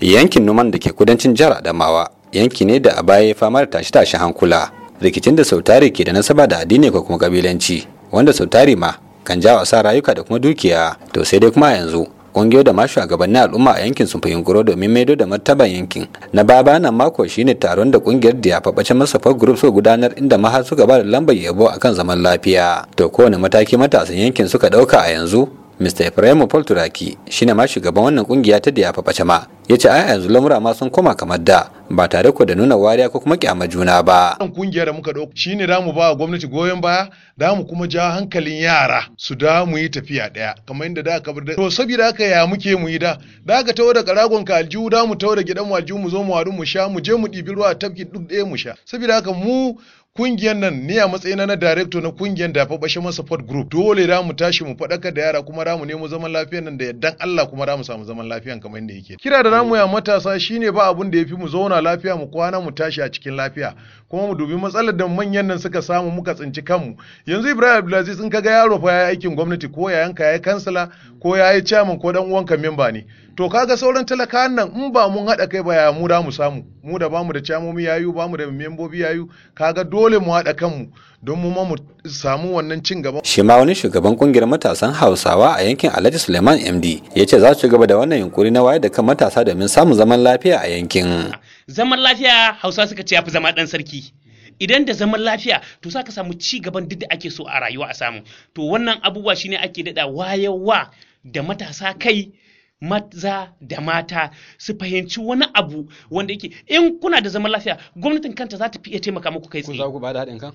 yankin numan da ke kudancin jihar adamawa yanki ne da a baya ya fama da tashi-tashi hankula rikicin da sautari ke da nasaba da addini ko kuma kabilanci wanda sautari ma kan jawo sa rayuka da kuma dukiya to sai dai kuma yanzu kungiyoyi da ma shugabannin al'umma a yankin sun fahimguro domin maido da martaban yankin na baba nan mako shine taron da ƙungiyar da ya faɓace masafa group so gudanar inda ma suka ba da lambar yabo akan zaman lafiya to kowane mataki matasan yankin suka ɗauka a yanzu Mr. Ibrahim Paul Turaki shine ma shugaban wannan kungiya ta da ya bace ma ya ce ai yanzu lamura ma sun koma kamar da ba tare ko da nuna wariya ko kuma kyama juna ba. Wannan kungiya da muka ɗauka shine da mu ba gwamnati goyon baya da mu kuma ja hankalin yara su da mu yi tafiya daya kamar inda da aka bar da to saboda haka ya muke mu yi da da ka tawo da karagon ka aljihu da mu tawo da gidan mu aljihu mu zo mu wadu mu sha mu je mu ɗibi ruwa tafki duk ɗaya mu sha saboda haka mu kungiyar nan ni a matsayina na director na kungiyar da faɓashe support group dole da mu tashi mu faɗakar da yara kuma mu nemo zaman lafiyan nan da yaddan Allah kuma mu samu zaman lafiyan kamar yadda yake kira da namu ya matasa shine ba abun da yafi mu zauna lafiya mu kwana mu tashi a cikin lafiya kuma mu dubi matsalar da manyan nan suka samu muka tsinci kanmu yanzu Ibrahim Abdulaziz in kaga yaro fa yayi aikin gwamnati ko ka yayi kansala ko yayi chairman ko dan ka memba ne to kaga sauran talakawan nan in ba mun haɗa kai ba ya mu da mu samu mu da bamu da camomi yayu bamu da membobi yayu kaga dole mu haɗa kanmu don mu mu samu wannan cin gaba. shi ma wani shugaban kungiyar matasan hausawa a yankin alhaji suleiman md ya ce za su gaba da wannan yunkuri na waye da kan matasa domin samun zaman lafiya a yankin. zaman lafiya hausa suka ce ya fi zama ɗan sarki. idan da zaman lafiya to za ka samu ci gaban duk da ake so a rayuwa a samu to wannan abubuwa shine ake daɗa wayewa da matasa kai maza da mata su fahimci wani abu wanda yake in kuna da zaman lafiya gwamnatin kanta za ta fi iya taimaka muku kai tsaye. Ku za ku ba da haɗin kan?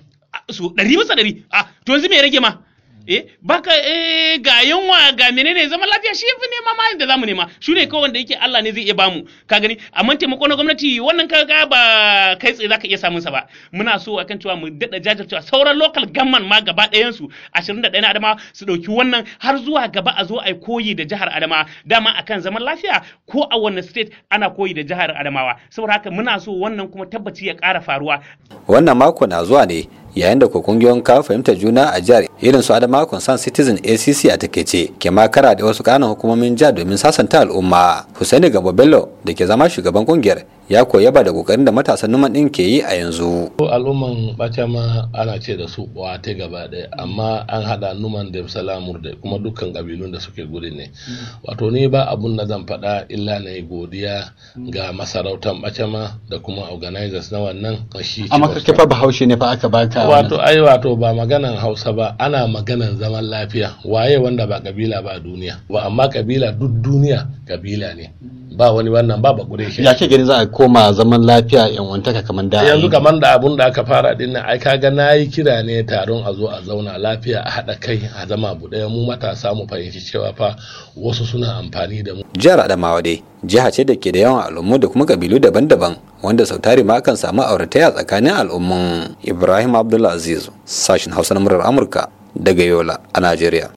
Su ɗari masa ɗari. A to yanzu me rage ma? eh baka eh ga yunwa ga menene zaman lafiya shi fi nema ma da zamu nema shi ne kawai wanda yake Allah ne zai iya bamu ka gani amma taimako na gwamnati wannan ka ga ba kai tsaye zaka iya samun sa ba muna so akan cewa mu dada jajircewa sauran local government ma gaba ɗayan su 21 na Adama su ɗauki wannan har zuwa gaba a zo ai koyi da jihar Adama dama akan zaman lafiya ko a wannan state ana koyi da jihar Adamawa saboda haka muna so wannan kuma tabbaci ya ƙara faruwa wannan mako na zuwa ne yayin da ko kungiyoyin kawo fahimtar juna a jihar irin su adama concern citizen acc a takaice ke makara da wasu kanan hukumomin jihar domin sasanta al'umma husaini Gambo bello da ke zama shugaban kungiyar ya koya ba da kokarin da matasan numan din ke yi a yanzu. al'umman bacama ana ce da su wate gaba ɗaya amma an haɗa numan da salamur da kuma dukkan ƙabilun da suke guri ne wato ni ba abun na zan faɗa illa na godiya ga masarautan bacama da kuma organizers na wannan shi amma kake fa bahaushe ne fa aka baka wato ai wato ba maganan hausa ba ana maganan zaman lafiya waye wanda ba kabila ba duniya ba amma kabila duk duniya kabila ne ba wani wannan ba gure shi ya ke gani za a koma zaman lafiya yanwantaka kamar da yanzu kamar da abun da aka fara din nan ai kaga nayi kira ne taron a zo a zauna lafiya a haɗa kai a zama abu mu matasa mu fahimci cewa fa wasu suna amfani da mu jihar Adamawa dai jiha ce da ke da yawan al'ummu da kuma kabilu daban-daban wanda sau tari ma kan samu aurataya tsakanin al'ummun Ibrahim Abdulaziz sashin Hausa na murar Amurka daga Yola a Najeriya